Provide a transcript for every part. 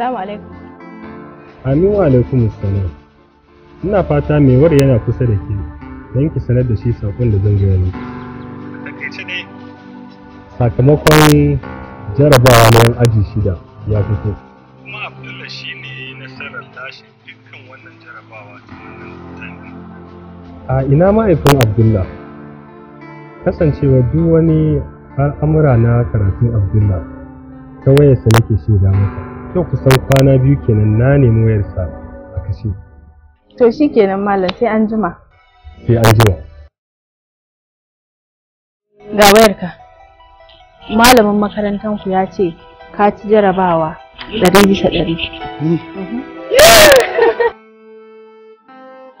Assalamu alaikum. Amin wa alaikum assalam. Ina fata mai war yana kusa da ke don ki sanar da shi sakon da zan gaya miki. Sakamakon jarabawa na yan aji shida ya fito. Kuma Abdullah shi ne nasarar tashi dukkan wannan jarabawa ta A ina ma'aifin Abdullah? Kasancewa duk wani al'amura na karatun Abdullah ta wayarsa nake shaida masa. yau kusan kwana biyu kenan na nemi wayarsa a kashe to shi kenan malam sai an jima sai an jima ga wayarka malamin makarantanku ya ce ka ci jarabawa dai bisa ɗari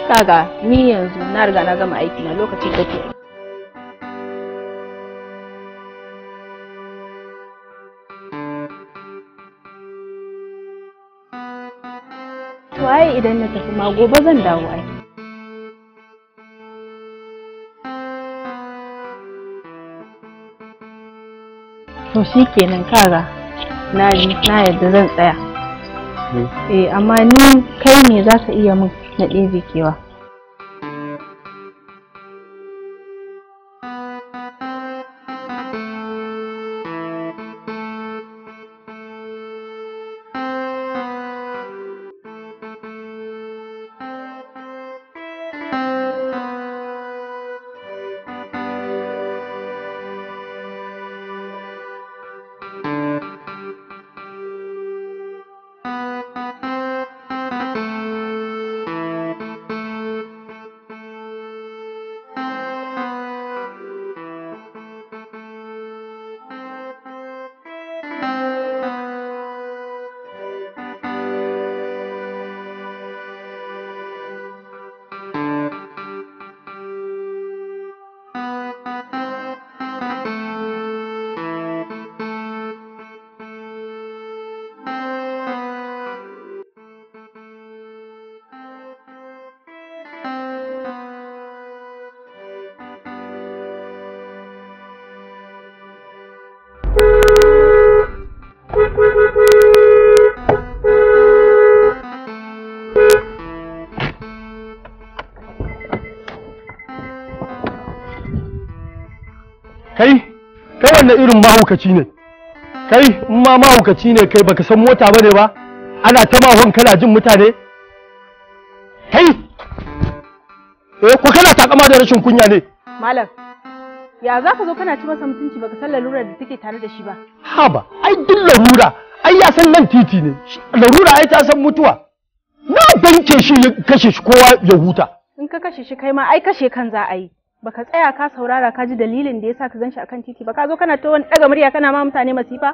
kaga ni yanzu na riga na gama aiki na lokacin da ke idan na tafi ma gobe zan dawo ai to shi kenan kaga na ji na yadda zan tsaya hmm. eh amma ni kai ne za ka iya min na ɗebe kewa wani irin mahaukaci ne kai in ma mahaukaci ne kai baka san mota ba ne ba ana ta mahon kana jin mutane kai eh ko kana takama da rashin kunya ne malam ya za ka zo kana ci masa mutunci baka san lalurar da take tare da shi ba ha ba ai duk larura ai ya san nan titi ne larura ai ta san mutuwa na banke shi kashe shi kowa ya huta in ka kashe shi kai ma ai kashe kan za a yi baka tsaya ka saurara ka ji dalilin da yasa ka shi akan titi ba ka zo kana ta wani daga murya kana ma mutane masifa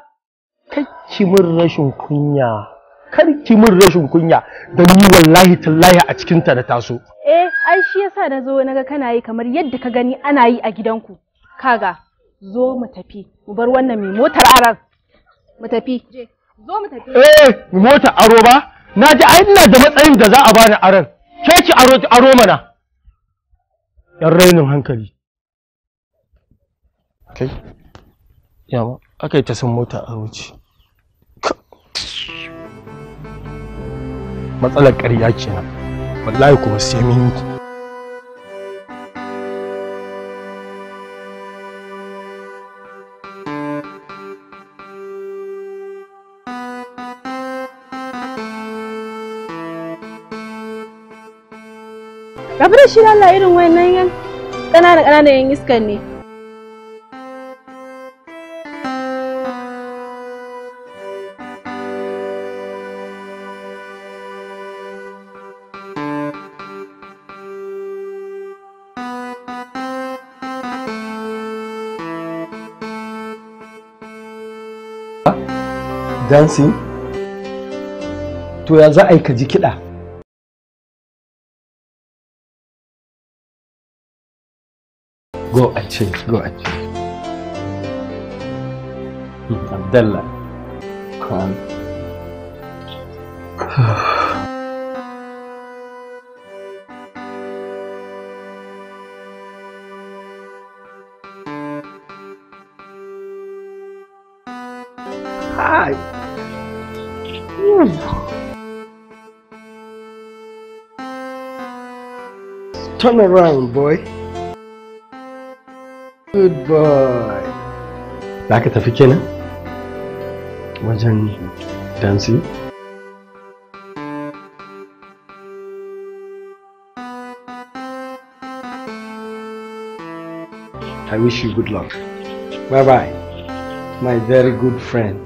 ki min rashin kunya ki min rashin kunya don ni wallahi tallahi a cikin ta da taso eh ai shi yasa na zo naga kana yi kamar yadda ka gani ana yi a gidanku kaga zo mu tafi mu bar wannan mai motar aran mu tafi zo mu tafi eh mota aro ba na ji ai ina da matsayin da za a bani aran ke ki aro aro mana 'yan rainin hankali kai yawa aka yi ta san mota a wuce matsalar ƙarya kenan wallahi kuma sai mun kabar shi lalla irin wannan yan ƙananan ƙananan yan iskan ne Dancing? To yanzu za ka ji kiɗa? Go and change. Go and change. Hmm, Abdullah. Come. Hi. Turn around, boy. Good boy. Za ka tafi I wish you good luck. Bye bye, my very good friend.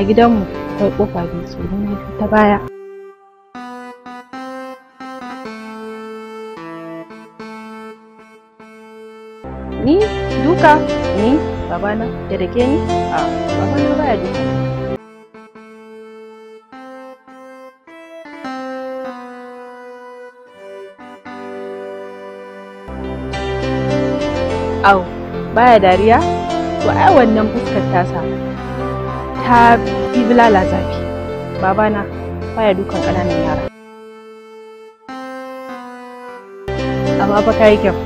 a gidanmu akwai ƙofa biyu tsoro na ta baya ni duka ni babana da dake ni a babana baya duka au baya dariya to ai wannan fuskar samu? ta fi bulala zafi babana baya dukan ƙananan yara amma fa kayi kyau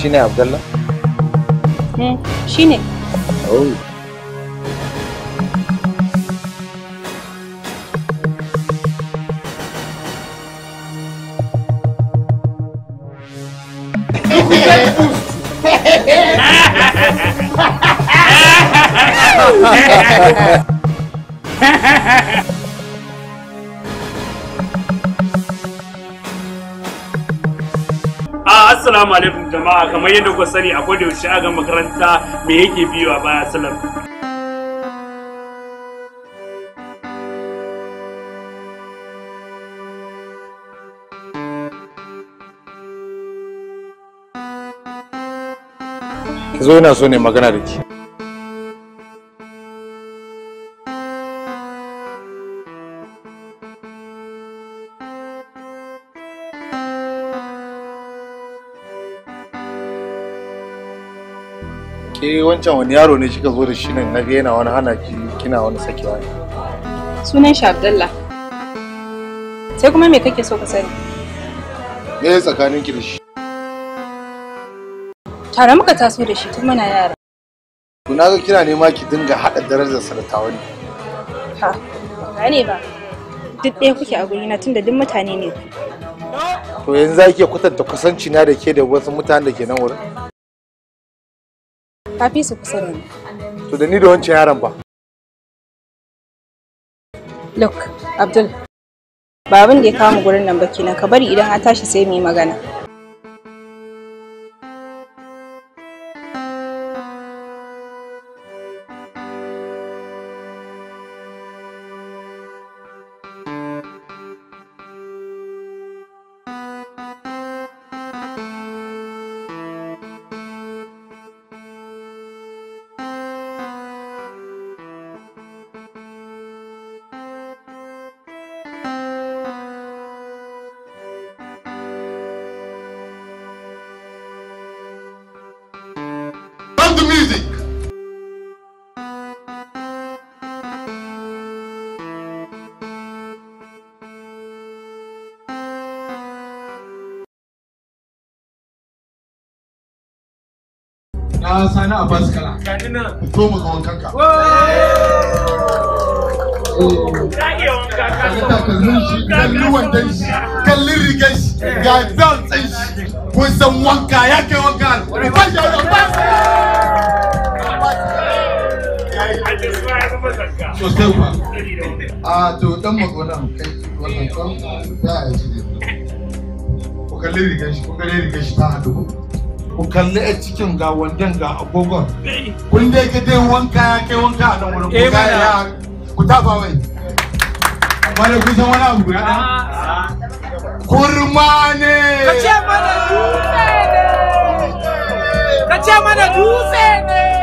shine Abdullah? Eh, oh. jama'a kamar yadda ku sani akwai da yaushe a ga makaranta me yake biyu a baya salam ki zo ina so ne magana da ki wancan wani yaro ne shi zo da shi nan na yana wani hana ki kina wani sakewa ne sunan shi abdallah sai kuma me kake so ka sani me tsakanin ki da shi tare muka taso da shi tun muna yara kuna ga kina nema ki dinga haɗa darajar da ne ha ne ba duk ɗaya kuke a gurina tunda duk mutane ne to yanzu za kwatanta kusanci na da ke da wasu mutanen da ke nan wurin Ka fi su kusa da ni. To da ni da wancan yaron ba. Look, Abdul, ba abin da ya kawo gurin nan ba kenan ka bari idan a tashi sai mu yi magana. na sani a baskala fito mu ga wankan ka kalli wandan shi kalli rigar shi ga belt ɗin shi kun san wanka ya kai wanka ba ya ba sosai ba a to dan magonan kai wannan kan ya yi shi ku kalli rigar shi ku kalli rigar shi ta haɗu ku kalli a cikin ga wandan ga agogon kun dai ga dai wanka ya kai wanka a nan wurin ku eh, ya ku tafa wai amma da kusan wani abu ya ɗan ah. kurma ne ka ce mana dutse ne ka ce mana dutse ne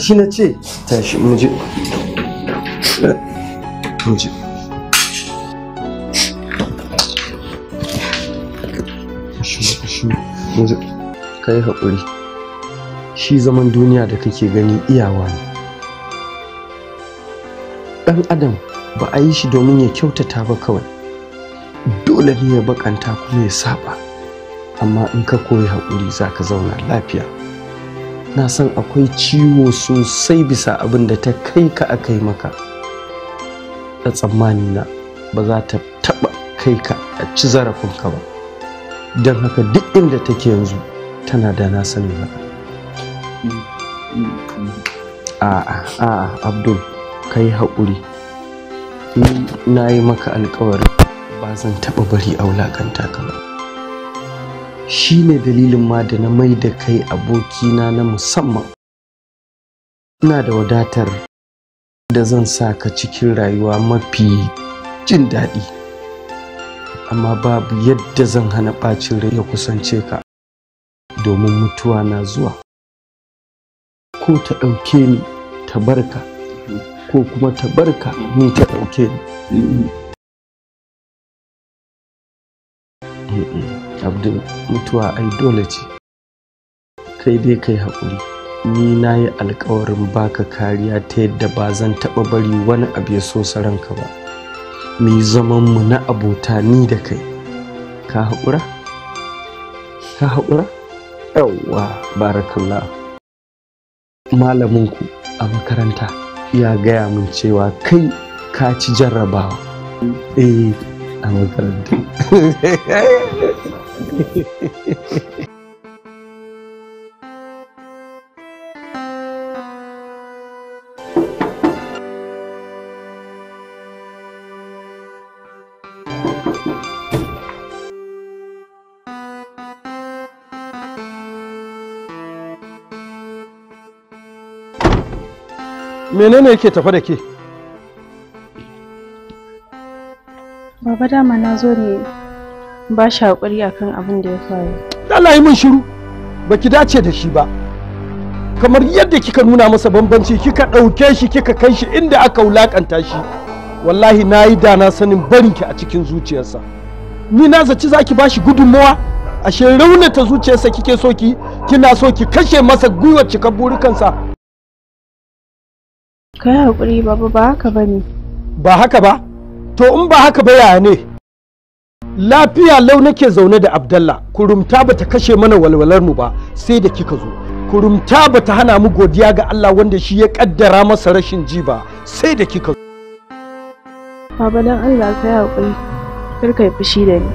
tashi na ce tashi muje muje muje ka yi haƙuri shi zaman duniya da kake gani iyawa ne ɗan adam ba a yi shi domin ya kyautata ba kawai dole ne ya bakanta kuma ya saba amma in ka koyi haƙuri za ka zauna lafiya na san akwai ciwo sosai bisa abin da ta kai ka aka yi maka da tsammani na ba za ta taɓa kai ka a ci zarafin ka ba don haka duk inda take yanzu tana da na sani haka a'a a abdul ka yi haƙuri na yi maka alkawari ba zan taɓa bari a wulakanta ka ba shi ne dalilin ma da na mai da kai abokina na musamman ina da wadatar da zan sa ka cikin rayuwa mafi jin daɗi amma babu yadda zan hana ɓacin rai ya kusance ka domin mutuwa na zuwa ko ta ɗauke ni ta barka ko kuma ta barka ni ta ɗauke ni abdul mutuwa ai dole ce kai dai kai haƙuri ni na yi alkawarin baka kariya ta yadda ba zan taɓa bari wani abu ya so ranka ba mi zaman mu na abota ni da kai ka haƙura ka haƙura yawwa barakallah malaminku a makaranta ya gaya min cewa kai ka ci jarrabawa eh a makaranta menene yake tafa da ke? Baba dama na zo ne ba shi haƙuri akan abin da ya faru Allah yi min shiru baki dace da shi ba kamar yadda kika nuna masa bambanci kika ɗauke shi kika kai shi inda aka wulakanta shi wallahi na yi da na sanin barinki a cikin zuciyarsa ni na zaci za ki bashi gudunmawa ashe raunata zuciyarsa kike so ki kina so ki kashe masa gwiwar cikar burikansa kai hakuri baba ba haka bane ba haka ba to in ba haka ba yaya ne lafiya lau nake zaune da abdallah kurumta bata kashe mana walwalar mu ba sai da kika zo kurumta bata hana mu godiya ga Allah wanda shi ya kaddara masa rashin ji ba sai da kika zo baba dan Allah ka ya hakuri kar ka yi fushi da ni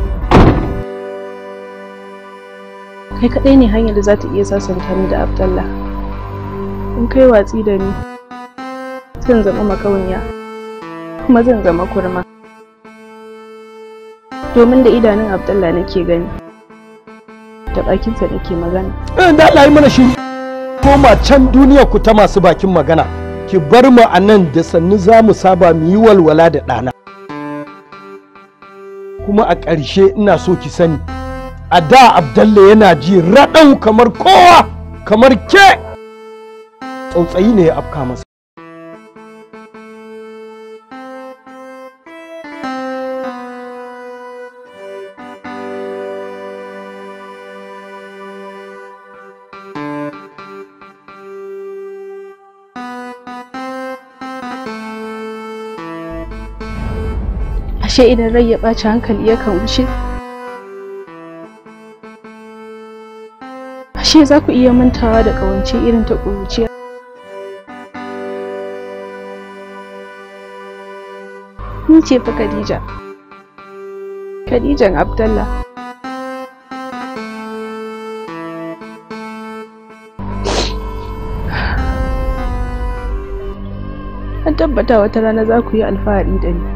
kai kadai ne hanyar da za ta iya sasanta ni da abdallah in kai watsi da ni zan zama makauniya kuma zan zama kurma domin da idanun Abdullahi nake gani da bakinsa nake magana eh da Allah yi mana shi koma can duniya ku ta masu bakin magana ki bar mu a nan da sannu za mu saba mu yi walwala da ɗana kuma a ƙarshe ina so ki sani a da abdalla yana ji raɗau kamar kowa kamar ke tsautsayi ne ya afka masa ashe idan rai ya ɓaci hankali yakan wuce ashe za ku iya mantawa da ƙawance irin ta ƙuruciya ni ce fa Khadija Khadijan Abdallah an tabbata wata rana za ku yi alfahari da ni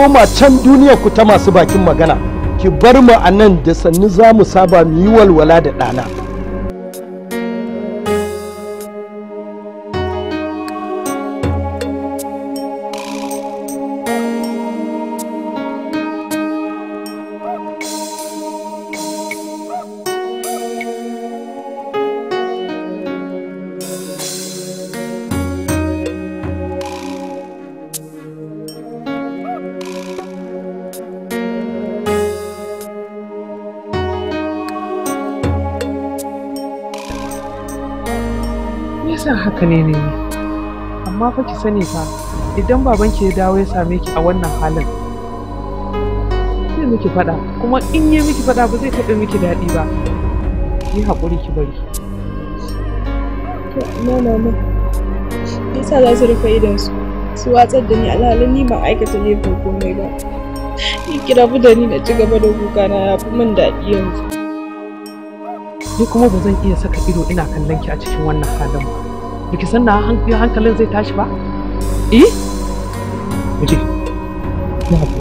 koma can duniyar ku ta masu bakin magana ki bar mu a nan da sannu za mu saba mu yi walwala da ɗana. san haka ne ne amma fa ki sani fa idan baban ki ya dawo ya same ki a wannan halin zai miki faɗa kuma in yi miki faɗa ba zai taɓa miki daɗi ba yi haƙuri ki bari na ma yasa za su rufe idan su watsar da ni alhalin ni ban aikata laifin komai ba ni kira da ni na ci gaba da kuka na ya fi min daɗi yanzu ni kuma ba zan iya saka ido ina kallon ki a cikin wannan halin ba biki san na hankalin zai tashi ba eh ki ki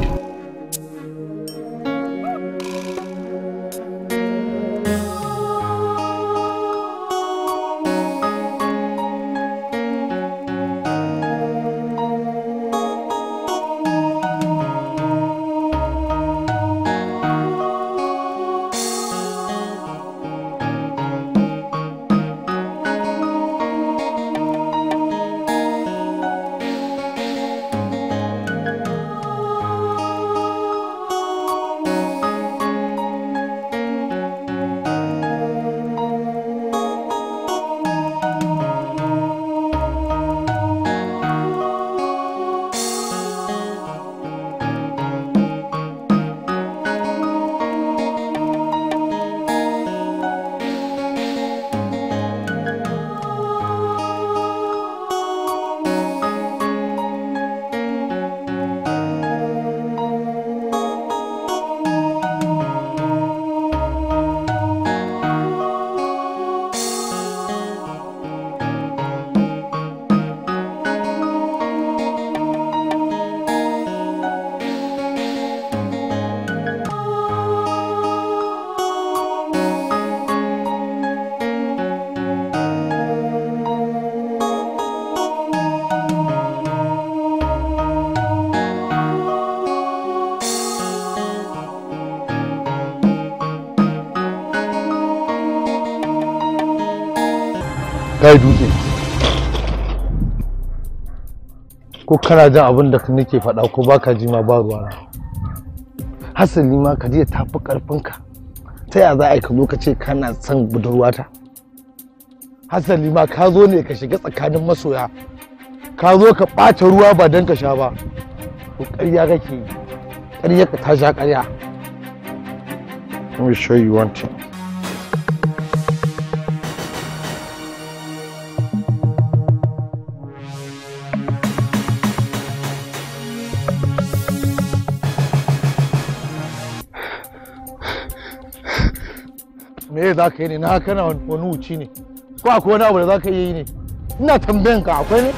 kai dutse ko kana jin abin da nake faɗa ko baka ji ma ba ruwana hasali ma kadiya ta fi ƙarfinka ta ya za a yi ka zo ka ce kana son budurwata hasali ma ka zo ne ka shiga tsakanin masoya ka zo ka ɓata ruwa ba don ka sha ba to ƙarya kake ƙarya ka ta sha ƙarya let me show you one thing me za ka yi ne na kana wani wuci ne ko akwai wani abu da za ka yi ne ina tambayan ka akwai ne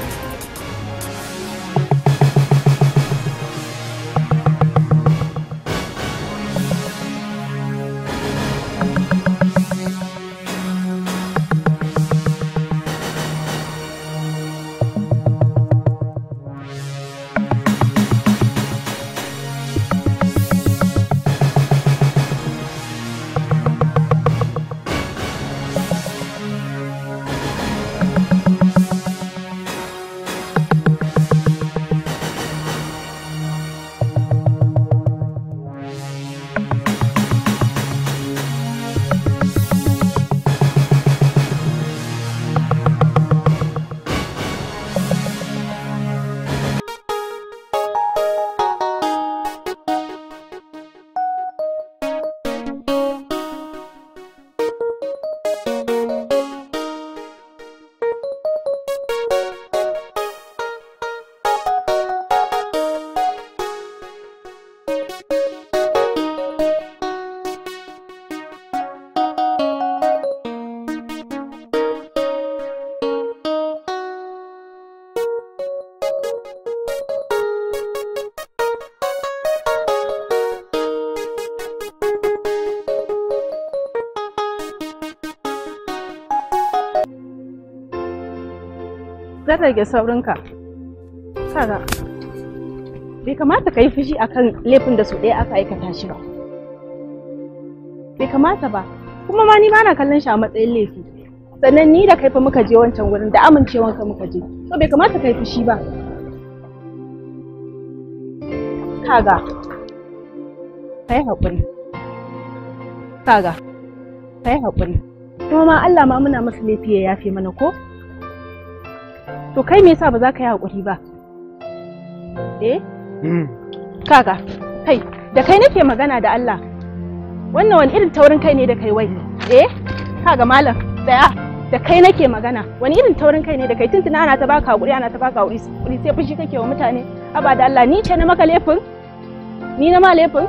rage saurinka kaga bai kamata ka yi fushi akan laifin da su ɗaya aka aikata shi ba bai kamata ba kuma ma ni ba na kallon shi a matsayin laifi sannan ni da kai fa muka je wancan wurin da amincewanka muka je to bai kamata ka yi fushi ba kaga ka yi haƙuri kaga ka yi haƙuri kuma ma Allah ma muna masa laifi ya yafe mana ko to kai me yasa ba za ka yi hakuri ba eh hmm. kaga kai da kai nake magana da Allah wannan wani irin taurin kai ne da kai wai eh kaga malam tsaya da kai nake magana wani irin taurin kai ne da kai tuntuna ana ta baka hakuri ana ta baka hakuri sai fushi kake wa mutane aba da Allah ni ce na maka laifin ni na ma laifin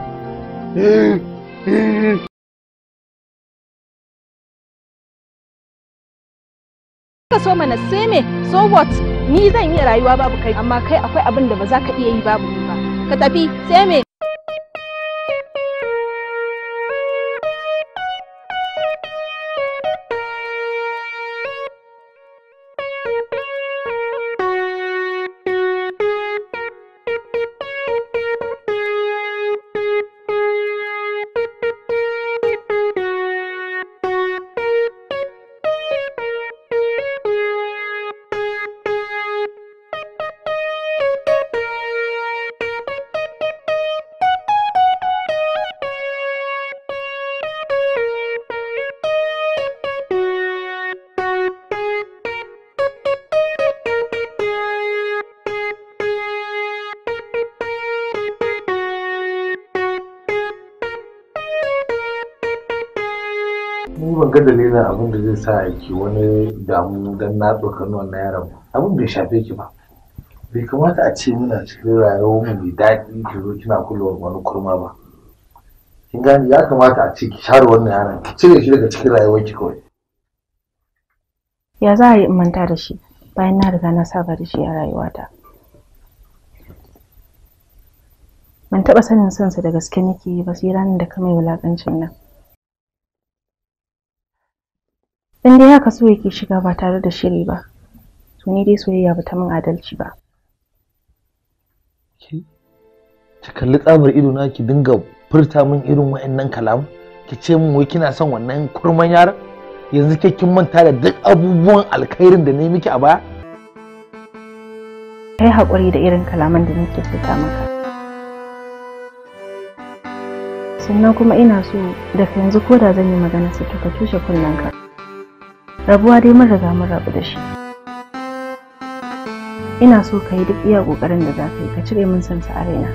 hmm. Hmm. ka so mana sai me so what ni zan iya rayuwa babu kai amma kai akwai abin da ba za ka iya yi babu ba ka tafi sai me abin da zai sa ki wani damu don na tsokano wannan yaron abin bai shafe ki ba bai kamata a ce muna cikin rayuwar mu mai daɗi ki zo kina kula wani kurma ba kin gani ya kamata a ce ki share wannan yaron ki cire shi daga cikin rayuwar ki kawai ya za a yi in manta da shi bayan na riga na saba da shi a rayuwata ban taɓa sanin sansa da gaske nake yi ba sai ranar da ka mai wulaƙancin nan in dai haka so yake shiga ba tare da shiri ba to ni dai soyayya ba ta min adalci ba ki ki kalli tsamar ido na ki dinga furta min irin wa'annan kalam ki ce min wai kina son wannan kurman yar yanzu ke kin manta da duk abubuwan alkhairin da ne miki a baya kai hakuri da irin kalaman da nake fita maka sannan kuma ina so daga yanzu ko da zan yi magana su ka tushe kunnen rabuwa dai mun riga mun rabu da shi ina so ka yi duk iya kokarin da za ka yi ka cire min san a raina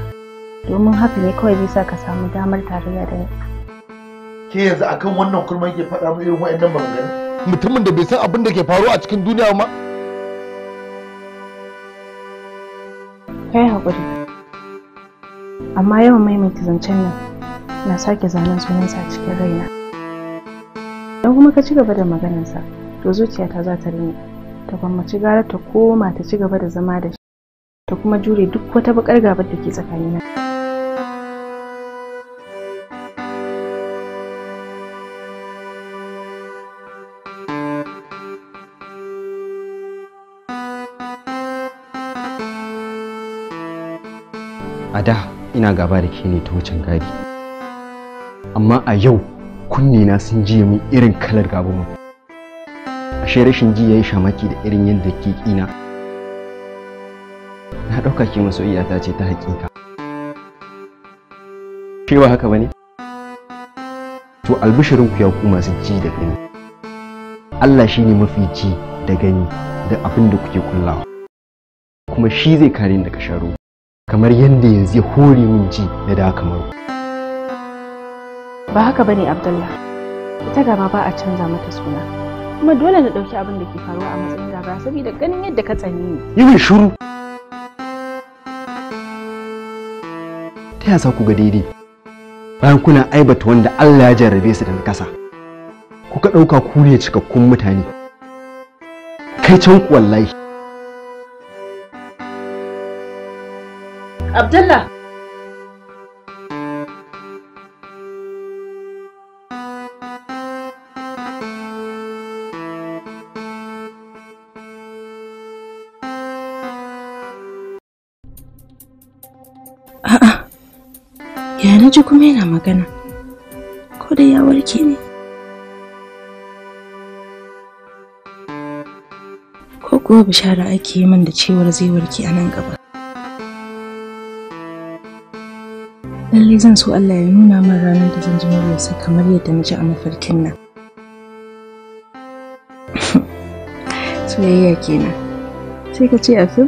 domin haka ne kawai zai sa ka samu damar tarayya da ni ke yanzu akan wannan kurma yake faɗa mu irin wa'annan maganganu mutumin da bai san abin da ke faruwa a cikin duniya ma kai haƙuri amma yawan maimaita zancen nan na sake zanen sunansa cikin raina kuma ka ci gaba da maganarsa to zuciyata za ta rini ta gwammaci gara ta koma ta ci gaba da zama da shi ta kuma jure duk wata bakar gabar da ke tsakanina. A da ina gaba da ke ne ta wucin gadi. Amma a yau kunni na sun jiya min irin kalar gabo mu ashe rashin ji yayi shamaki da irin yadda ke kina na dauka ki masoyiya ta ce ta hakika ke ba haka bane to albishirin ku ya ku masu ji da gani Allah shine mafi ji da gani da abin da kuke kullawa kuma shi zai kare ni daga sharo kamar yadda yanzu ya hore min ji da da kamar ku ba haka bane abdullah ita gaba ba a canza mata suna kuma dole na ɗauki abin da ke faruwa a matsayin gaba saboda ganin yadda ka tsani ni yi shuru ta yasa ku ga daidai bayan kuna aibata wanda Allah ya jarrabe su da kasa kuka ɗauka ku ne cikakkun mutane kai can wallahi Abdullah naji kuma yana magana ko da ya warke ne ko kuwa bishara ake yi min da cewar zai warke a nan gaba lallai zan so Allah ya nuna min ranar da zan ji muryarsa kamar yadda na ji a mafarkin nan soyayya kenan sai ka ce a fim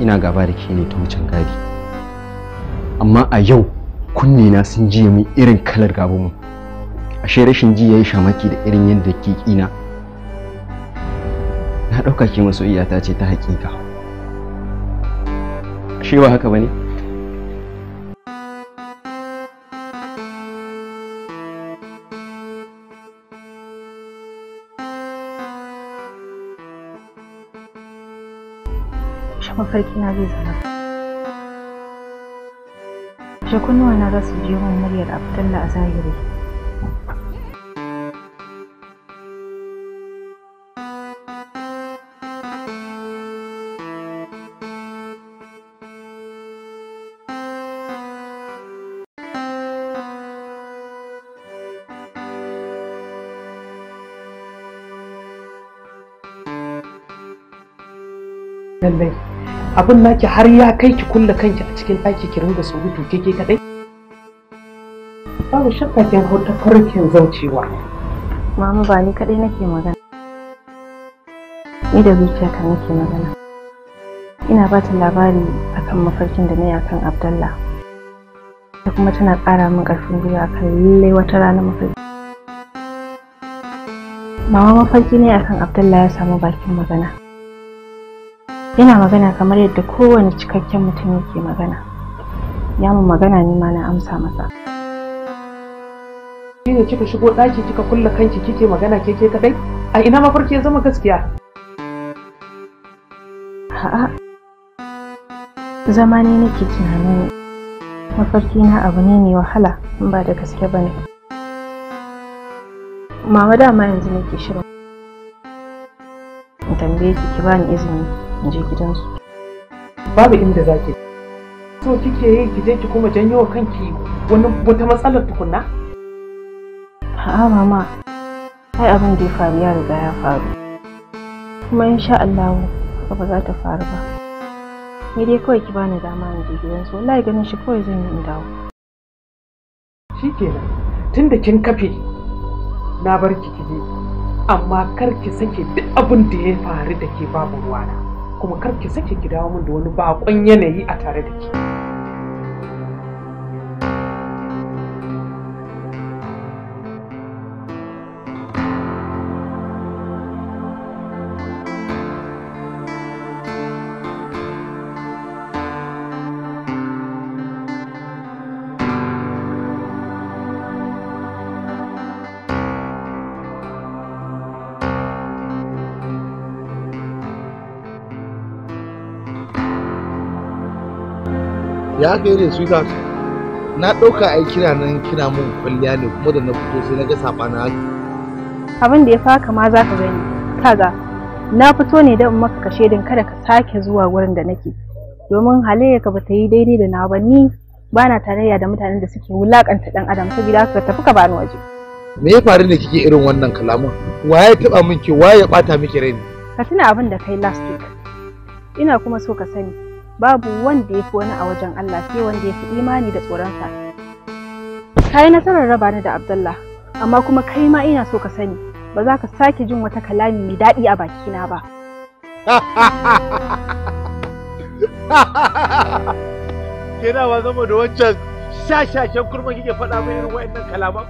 ina gaba da ke ne ta wucin gadi amma a yau kunne na sun ji min irin kalar gabanmu ashe rashin ji yayi shamaki da irin yadda ke kina na ɗauka ke masoyiya ta ce ta haƙiƙa ashe ba haka ba ne mafarki na zai zama jakunnuwa na za su ji yawan muryar abdalla a zahiri lallai abin naki har ya kai ki kulle kanki a cikin ɗaki ki ringa surutu ke ke kaɗai? Babu shakka kin hau farkin zaucewa. Mama ba ni kaɗai nake magana. Ni da ka nake magana. Ina ba ta labari akan mafarkin da na yi akan Abdallah. Ta kuma tana ƙara min ƙarfin gwiwa akan lallai wata rana mafarki. Mama mafarki ne akan Abdallah ya samu bakin magana. yana magana kamar yadda kowane cikakken mutum yake magana ya mu magana ne ma na amsa masa shi ne kika shigo ɗaki kika kulle kanki kike magana ke ke kadai a ina mafarki ya zama gaskiya a'a zama ne nake tunani mafarki na abu ne mai wahala in ba da gaske ba ne mama dama yanzu nake shirin in tambaye ki ki bani izini in je gidansu babu inda zaki so kike yi ki je ki kuma janyo wa kanki wani wata matsalar tukunna a'a mama ai abin da ya faru ya riga ya faru kuma insha Allah ba za ta faru ba ni dai kawai ki bani dama in je gidansu wallahi ganin shi kawai zan yi in dawo shikenan tunda kin kafe na bar ki je amma kar ki sake duk abin da ya faru da ke babu ruwana kuma kar ki sake ki dawo min da wani bakon yanayi a tare da ki. ya haka ne sweetheart na ɗauka ai kira nan kina mun kwalliya ne kuma da na fito sai na ga saɓana haka abin da ya fa ma za ka gani kaga na fito ne don maka kashe din kada ka sake zuwa wurin da nake domin halayyarka ba ta yi daidai da na ba ni ba tarayya da mutanen da suke wulakanta dan adam saboda haka tafi ka bani waje me ya faru ne kike irin wannan kalaman waye taba miki waye ya bata miki rai ka tuna abin da kai last week ina kuma so ka sani babu wanda ya fi wani a wajen Allah sai wanda ya fi imani da tsoronsa. Ka yi nasarar raba ni da Abdullah, amma kuma kai ma ina so ka sani ba za ka sake jin wata kalami mai daɗi a bakina ba. Kina ba zama da wancan shashashen kurma kike faɗa mai irin wa'annan kalaman?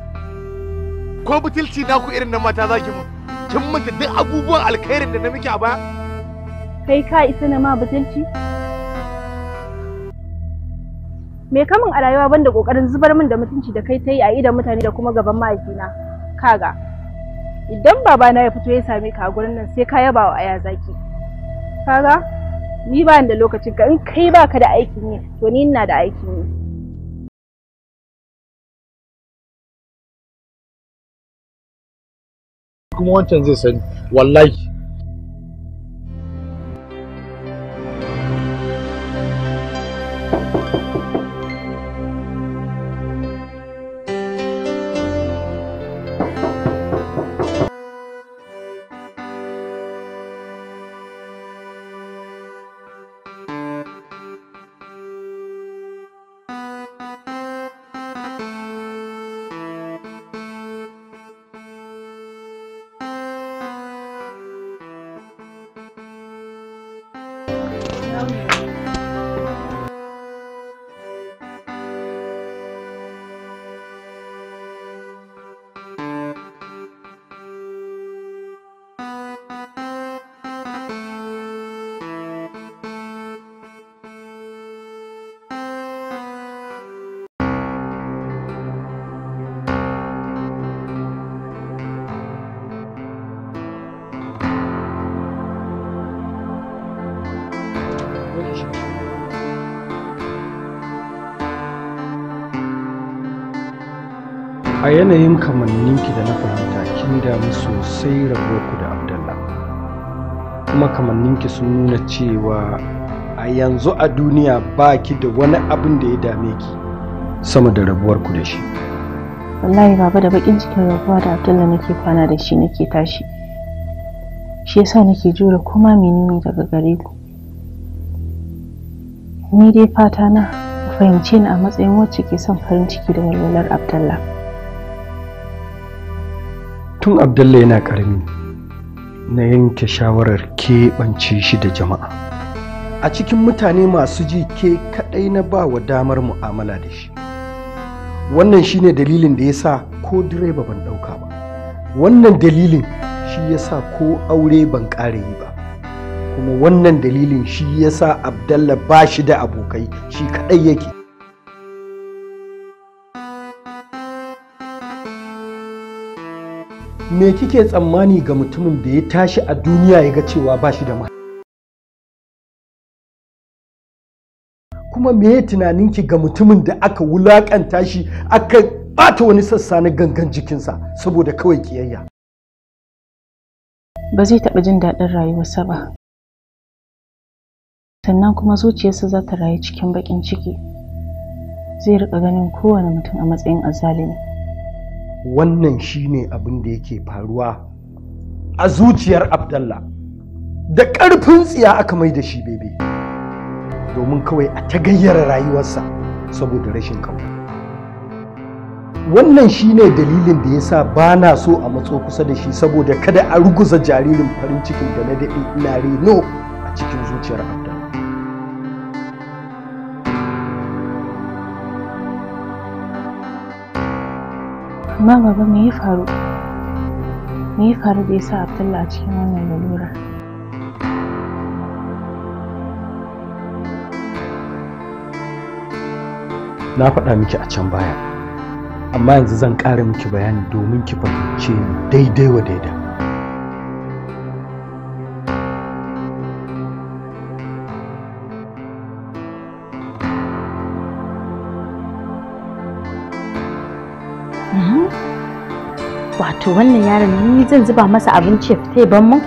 Ko butulci na ku irin nan mata za ki mu? Kin mutu duk abubuwan alkhairin da na miki a baya? Kai ka isa na ma butulci? me kamun a rayuwa banda kokarin zubar min da mutunci da kai ta yi a idan mutane da kuma gaban mahaifina kaga idan babana ya fito ya same ka a gurin nan sai ka yaba wa aya zaki kaga ni ba da lokacin ka in kai baka da aikin yi to ni ina da aikin yi kuma wancan zai sani wallahi yanayin kamannin ki da na fahimta kin damu sosai ku da abdallah kuma kamannin ki sun nuna cewa a yanzu a duniya ba ki da wani abin da ya dame ki sama da rabuwar ku da shi wallahi baba da bakin cikin rabuwa da abdullah nake kwana da shi nake tashi shi yasa nake jure kuma menene daga gare ku ni dai fata na fahimce ni a matsayin wacce ke son farin ciki da walwalar abdullah tun abdulla yana karami na yanke shawarar keɓance shi da jama'a a cikin mutane masu ji ke kaɗai na ba wa damar mu'amala da shi wannan shine dalilin da ya sa ko direba ban ɗauka ba wannan dalilin shi ya sa ko aure ban ƙare yi ba kuma wannan dalilin shi ya sa abdalla ba shi da abokai shi kaɗai yake me kike tsammani ga mutumin da ya tashi a duniya ya ga cewa ba shi da ma kuma me tunaninki ga mutumin da aka wulakanta shi aka bata wani sassa na gangan jikinsa saboda kawai kiyayya ba zai taɓa jin daɗin rayuwarsa ba sannan kuma zuciyarsa za ta rayu cikin baƙin ciki zai riƙa ganin kowane mutum a matsayin azalimi. wannan shine abin da yake faruwa a zuciyar abdallah da ƙarfin tsiya aka mai da shi bebe domin kawai a ta gayyara rayuwarsa saboda rashin kawo wannan shine dalilin da ya sa ba na so a matso kusa da shi saboda kada a ruguza jaririn farin cikin da na daɗe ina reno a cikin zuciyar abdallah amma baba me ya faru me ya faru da yasa sa abdullahi a cikin wannan lalura na faɗa miki a can baya amma yanzu zan ƙara miki bayani domin ki fahimce daidai wa daidai to wannan yaron ni zan zuba masa abinci ya fita ban mun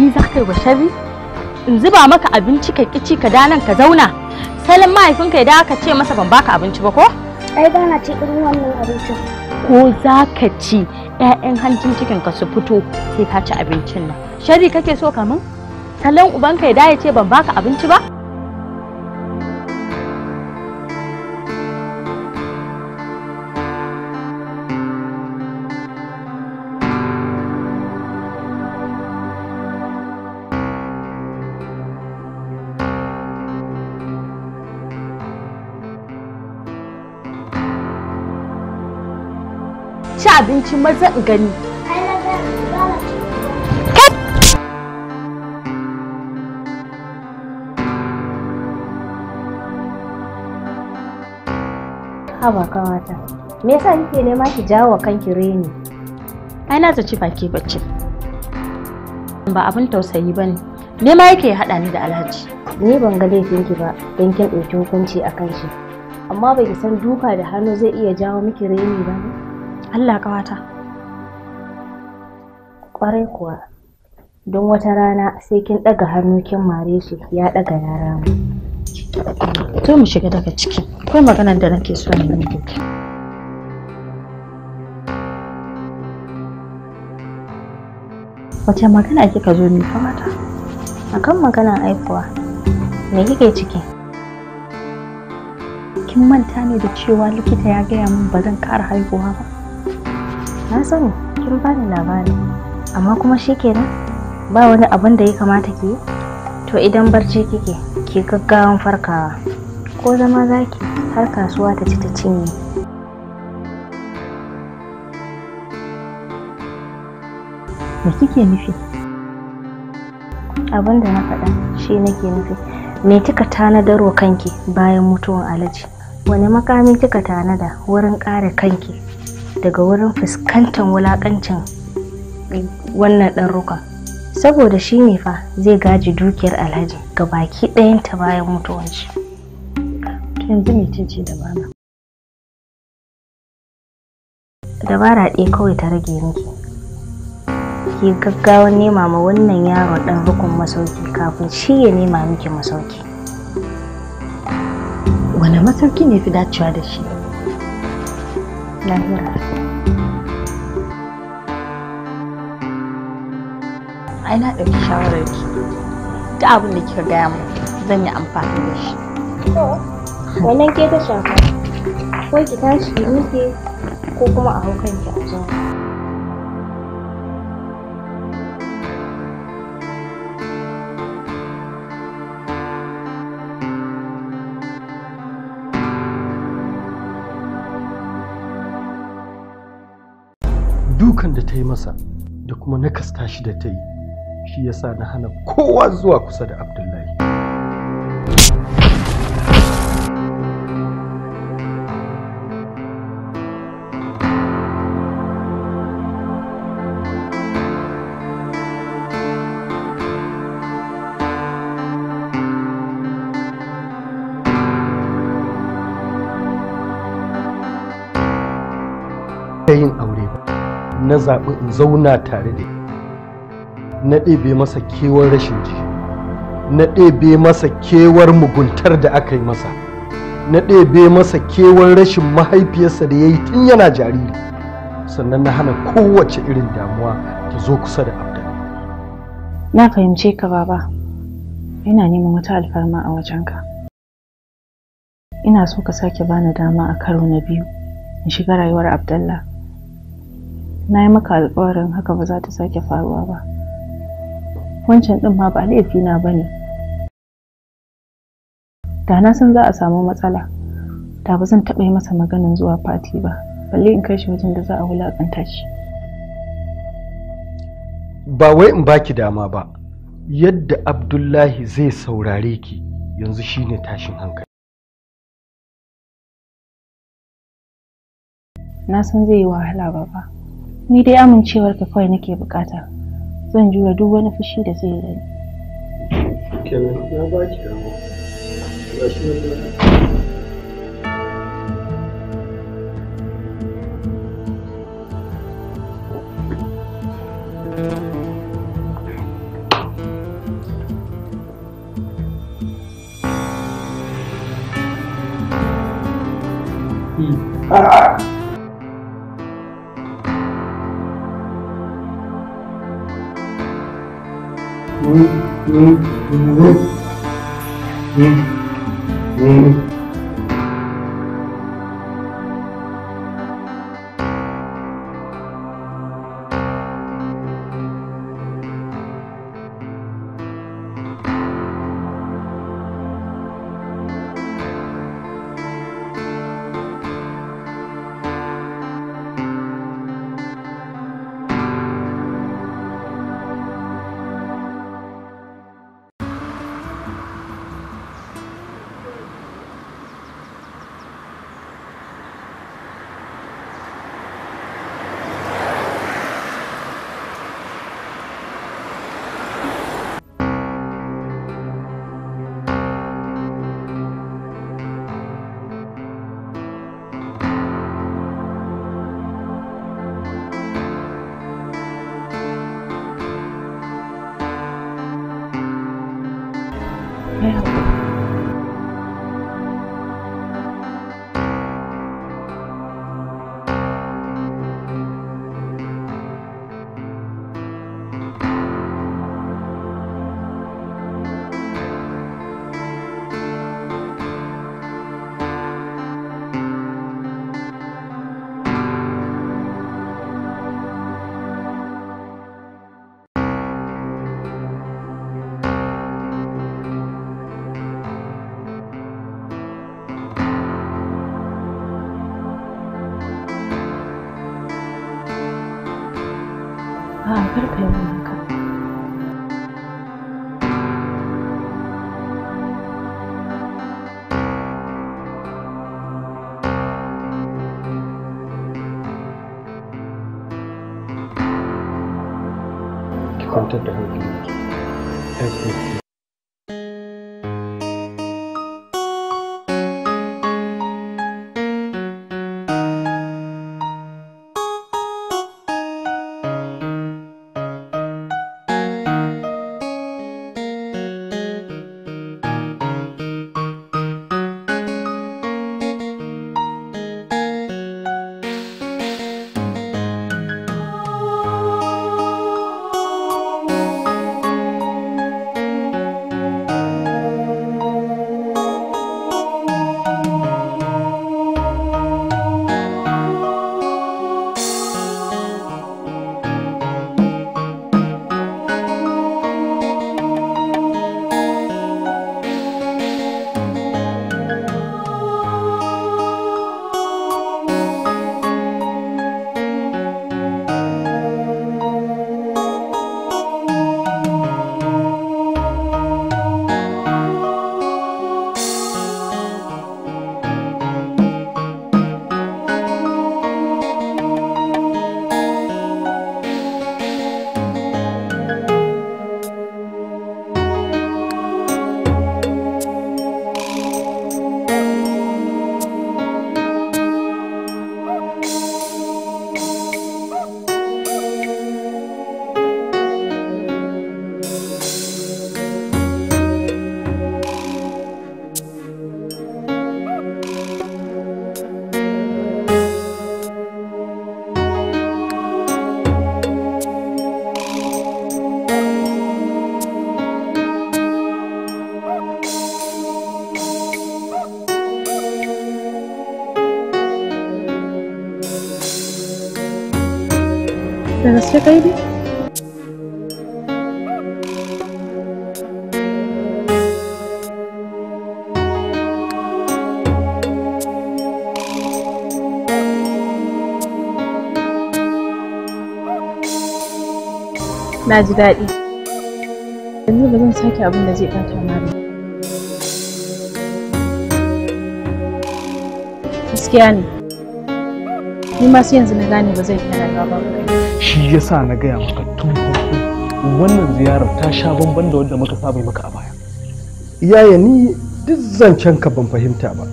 bi za ka yi wa shabi in zuba maka abinci ka kici ka danan ka zauna salon mahaifinka ya aka ce masa ban baka abinci ba ko ai ba na ci irin wannan abincin ko za ka ci 'ya'yan hancin cikin ka su fito sai ka ci abincin nan shari kake so ka min salon ubanka ya ya ce ban baka abinci ba abinci maza in gani haba kawata me yasa nike nema ki jawo wa kanki reni ai na zaci ba ke bacci ba abin tausayi bane ma yake haɗa ni da alhaji ni ban ga laifinki ba don kin ɗauki hukunci akan shi amma bai san duka da hannu zai iya jawo miki reni ba ne Allah ƙawata. Ƙwarai kuwa, don wata rana sai kin ɗaga hannu kin mare shi ya ɗaga yara mu. To mu shiga daga ciki, akwai maganar da nake so na yi Wace magana kika zo mi A Akan maganar aikuwa, me kike ciki? Kin manta ne da cewa likita ya gaya min ba zan ƙara haihuwa ba? na sani kin bani labari amma kuma shikenan ba wani abin da ya kamata ki to idan barci kike ki gaggawan farkawa ko zama zaki har kasuwa ta ci ta cinye me kike nufi abin da na faɗa shi nake nufi me kika tanadarwa kanki bayan mutuwan alaji wani makami kika tanada wurin kare kanki daga wurin fuskantar wulakancin wannan ɗan rukun saboda shi ne fa zai gaji dukiyar alhaji ga baki ɗayanta bayan mutuwanci. yanzu ce dabara dabara ɗaya kawai ta rage miki ki gaggawa nema ma wannan yaro ɗan rukun masauki kafin shi ya nema miki masauki wane masauki ne fi dacewa da shi lahira ai na ɗauki shawarar ki duk abin da kika gaya mu, zan yi amfani da shi wannan ke ta shafa ko ki tashi ki ko kuma a hau kanki a ta yi masa da kuma na kasta shi da ta yi shi yasa na hana kowa zuwa kusa da abdullahi na zaɓi in zauna tare da na ɗebe masa kewar rashin ji na ɗebe masa kewar muguntar da aka yi masa na ɗebe masa kewar rashin mahaifiyarsa da ya yi tun yana jariri sannan na hana kowace irin damuwa ta zo kusa da abdul na fahimce ka baba ina neman wata alfarma a wajenka ina so ka sake bani dama a karo na biyu in shiga rayuwar abdullah na yi maka alƙawarin haka ba za ta sake faruwa ba wancan ɗin ma ba laifi na ba ne da na san za a samu matsala da ba zan taɓa yi masa maganin zuwa fati ba balle in kai shi wajen da za a wulaƙanta shi ba wai in baki dama ba yadda abdullahi zai saurare ki yanzu shine tashin hankali na san zai yi wahala baba ni dai amincewar ka kawai nake bukata zan jura duk wani fushi da zai rani Mm-hmm. kai na ji daɗi yanzu ba zan sake abin da zai ɓata ma ba gaskiya ne ni ma sai yanzu na gane ba zai iya rayuwa ba shi yasa na gaya maka tun farko wannan ziyarar ta sha bamban da wanda muka saba maka a baya yaya ni duk zancen ka ban fahimta ba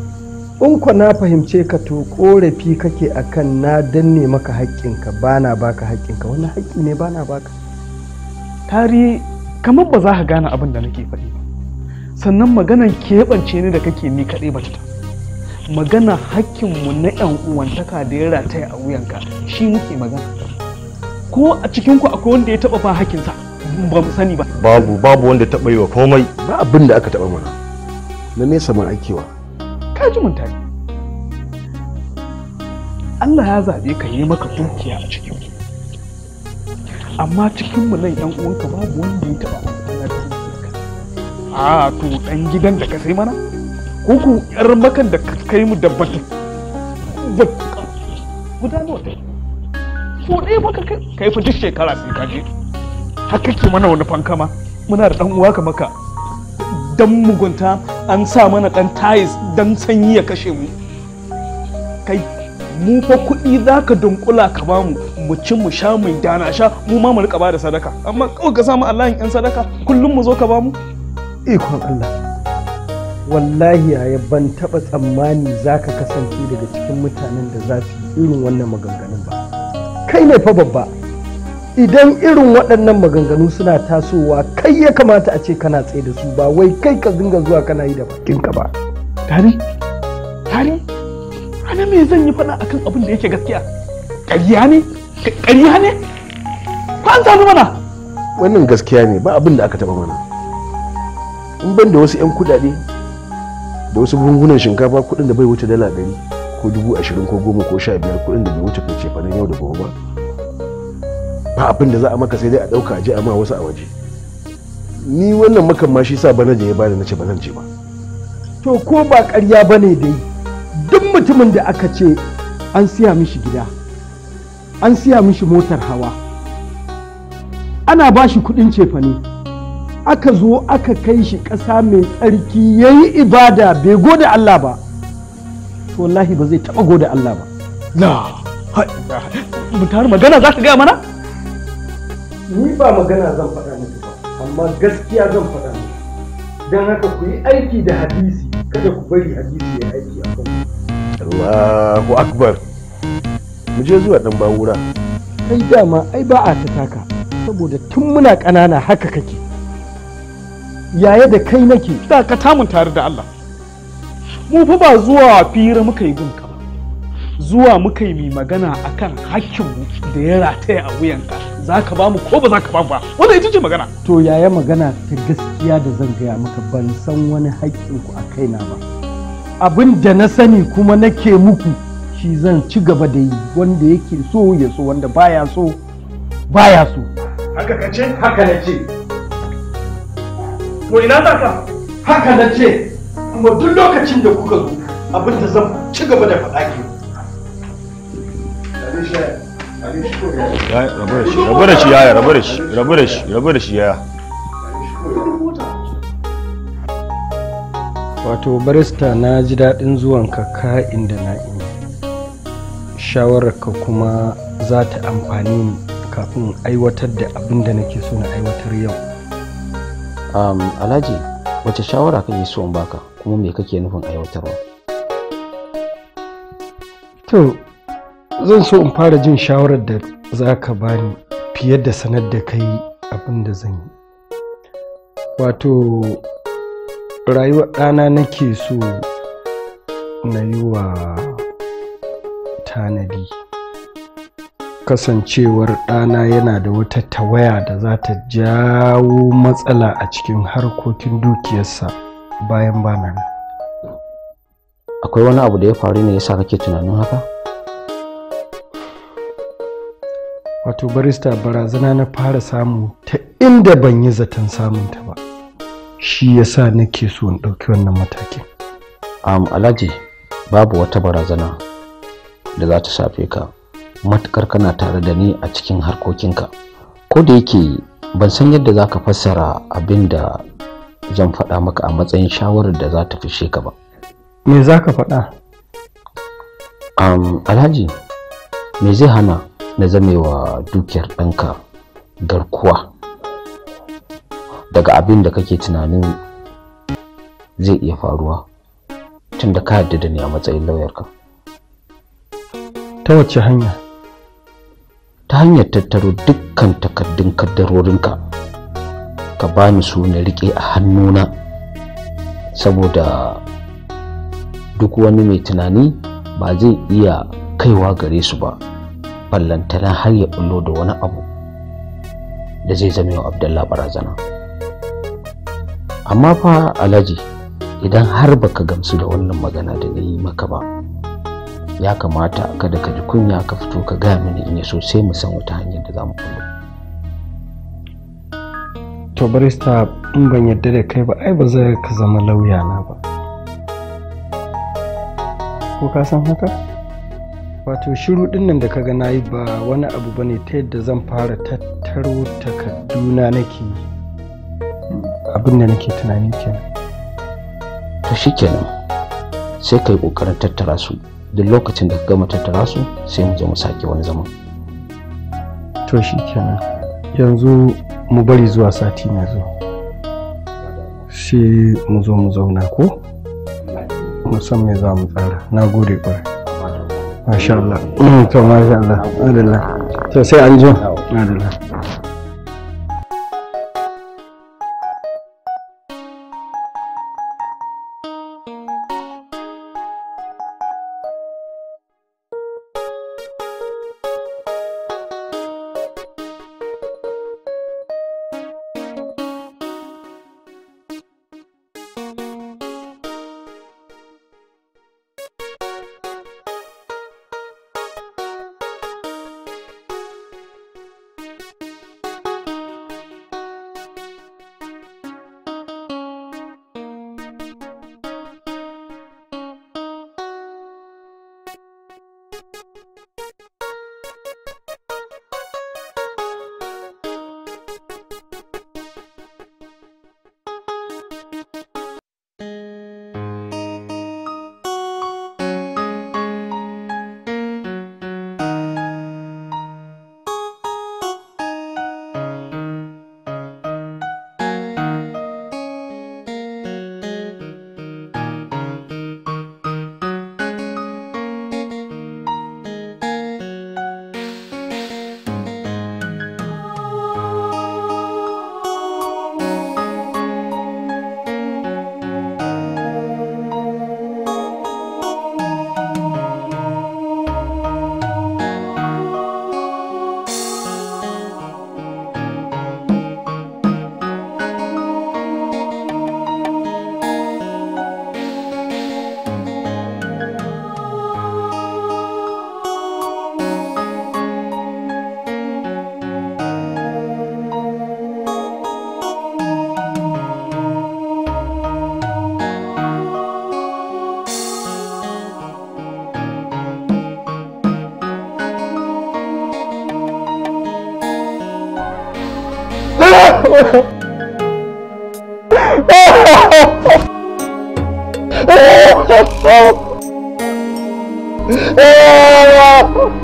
in ku na fahimce ka to korafi kake akan na danne maka haƙƙinka bana baka haƙƙinka wani haƙƙi ne bana baka tari kamar ba za ka gane abin da nake faɗi ba sannan maganar keɓance ne da kake ni kaɗai ba ta magana hakkinmu na 'yan uwantaka da ya rataya a wuyanka shi muke magana ko a cikinku akwai wanda ya taba ba hakkinsa ba mu sani ba babu babu wanda ya taba yi wa komai ba abin da aka taba mana na nesa mun akewa. ka ji mun tare Allah ya zabe ka yi maka dukiya a cikin amma cikin mu nan yan uwanka babu wanda ya taba amfana a to dan gidan da ka sai mana kuku yar makan da kai mu da baki guda nawa ko ɗaya maka kai fa duk shekara sai ka je haka mana wani fanka ma muna da ɗan uwa ka maka dan mugunta an sa mana ɗan tayis dan sanyi ya kashe mu kai mu fa kuɗi za ka dunkula ka ba mu mu ci mu sha mu dana sha mu ma mu da sadaka amma kawai ka samu Allah yan sadaka kullum mu zo ka ba mu ikon Allah wallahi a ban taɓa tsammani za ka kasance daga cikin mutanen da za su yi irin wannan maganganun ba kai ne fa babba idan irin waɗannan maganganu suna tasowa kai ya kamata a ce kana tsaye da su ba wai kai ka zinga zuwa kana yi da bakinka ba tare tari ana me zan yi fana akan abin da yake gaskiya ƙarya ne ƙarya ne ko an samu mana wannan gaskiya ne ba abin da aka taɓa mana in ban da wasu 'yan kuɗaɗe da wasu bungunan shinkafa kuɗin da bai wuce dala ɗari ko dubu ashirin ko goma ko sha biyar kuɗin da bai wuce kai ce yau da gobe ba abin da za a maka sai dai a ɗauka a je a ma wasu a waje ni wannan makan ma shi sa bana da ya bani na ce ba zan ce ba to ko ba ƙarya ba ne dai duk mutumin da aka ce an siya mishi gida an siya mishi motar hawa ana bashi shi kuɗin cefane aka zo aka kai shi ƙasa mai tsarki ya yi ibada bai gode Allah ba to wallahi ba zai taɓa gode Allah ba Na. la mutar magana za ka gaya mana ni ba magana zan faɗa miki ba amma gaskiya zan faɗa miki don haka ku yi aiki da hadisi kada ku bari hadisi ya aiki a kan Allahu akbar mu je zuwa dan bawura kai dama ai ba a ta taka saboda tun muna ƙanana haka kake yaya da kai nake da ka tamun tare da Allah mu fa ba zuwa fira muka yi gunka ba zuwa muka yi magana akan hakkin mu da ya rataya a wuyan za ka ba mu ko ba za ba ba wanda ita ce magana to yaya magana ta gaskiya da zan gaya maka ban san wani ku a kaina ba abin da na sani kuma nake muku shi zan ci gaba da yi wanda yake so ya so wanda baya so baya so haka kace haka na Mu ina za ka haka na ce kuma duk lokacin da kuka zo abin da zan ci gaba da faɗa ke rabu da shi yaya rabu da shi rabu da shi rabu da shi yaya wato barista na ji daɗin zuwanka ka inda na ini shawararka kuma za ta amfani ni kafin aiwatar da abin da nake so na aiwatar yau um, alhaji wace shawara kake so in baka kuma me kake nufin aiwatarwa to zan so in fara jin shawarar da za ka bani fiye da sanar da kai abin da zan yi wato rayuwar ɗana nake so na yi wa tanadi kasancewar ɗana yana da wata tawaya da za ta jawo matsala a cikin harkokin dukiyarsa bayan bana nan akwai wani abu da ya faru ne yasa kake tunanin haka wato barista barazana na fara samu ta inda ban yi zaton samunta ba shi yasa nake so in ɗauki wannan matakin um, alhaji babu wata barazana da za ta shafe ka matukar kana tare da ni a cikin harkokinka ko da yake ban san yadda za ka fassara abin da zan faɗa maka a matsayin shawarar da za ta fishe ka ba me za ka faɗa um, alhaji me zai hana na zamewa dukiyar ɗanka garkuwa daga abin da kake tunanin zai iya faruwa tun da ka yarda da ni a matsayin lauyarka ta wace hanya ta hanyar tattaro dukkan takardun kaddarorinka ka bani su na rike a hannuna saboda duk wani mai tunani ba zai iya kaiwa gare su ba ballantana har ya bullo da wani abu da zai zama yau abdallah barazana amma fa alhaji idan har baka gamsu da wannan magana da na yi maka ba ya kamata kada ka ji kunya ka fito ka gaya mini in so sai mu san wata hanyar da za mu to barista in ban yarda da kai ba ai ba zai ka zama lauya na ba ko ka san haka wato shiru din nan da kaga nayi ba wani abu bane ta yadda zan fara tattaro takarduna nake abin da nake tunani kenan to shikenan sai kai kokarin tattara su duk lokacin da gama tattara su sai mu je mu sake wani zaman to shi kenan yanzu mu bari zuwa sati na zo sai mu zo mu zauna ko san me za mu tsara na gode kwarai masha Allah mm, to masha Allah adalla to sai an ji adalla 啊！啊！啊！啊！啊！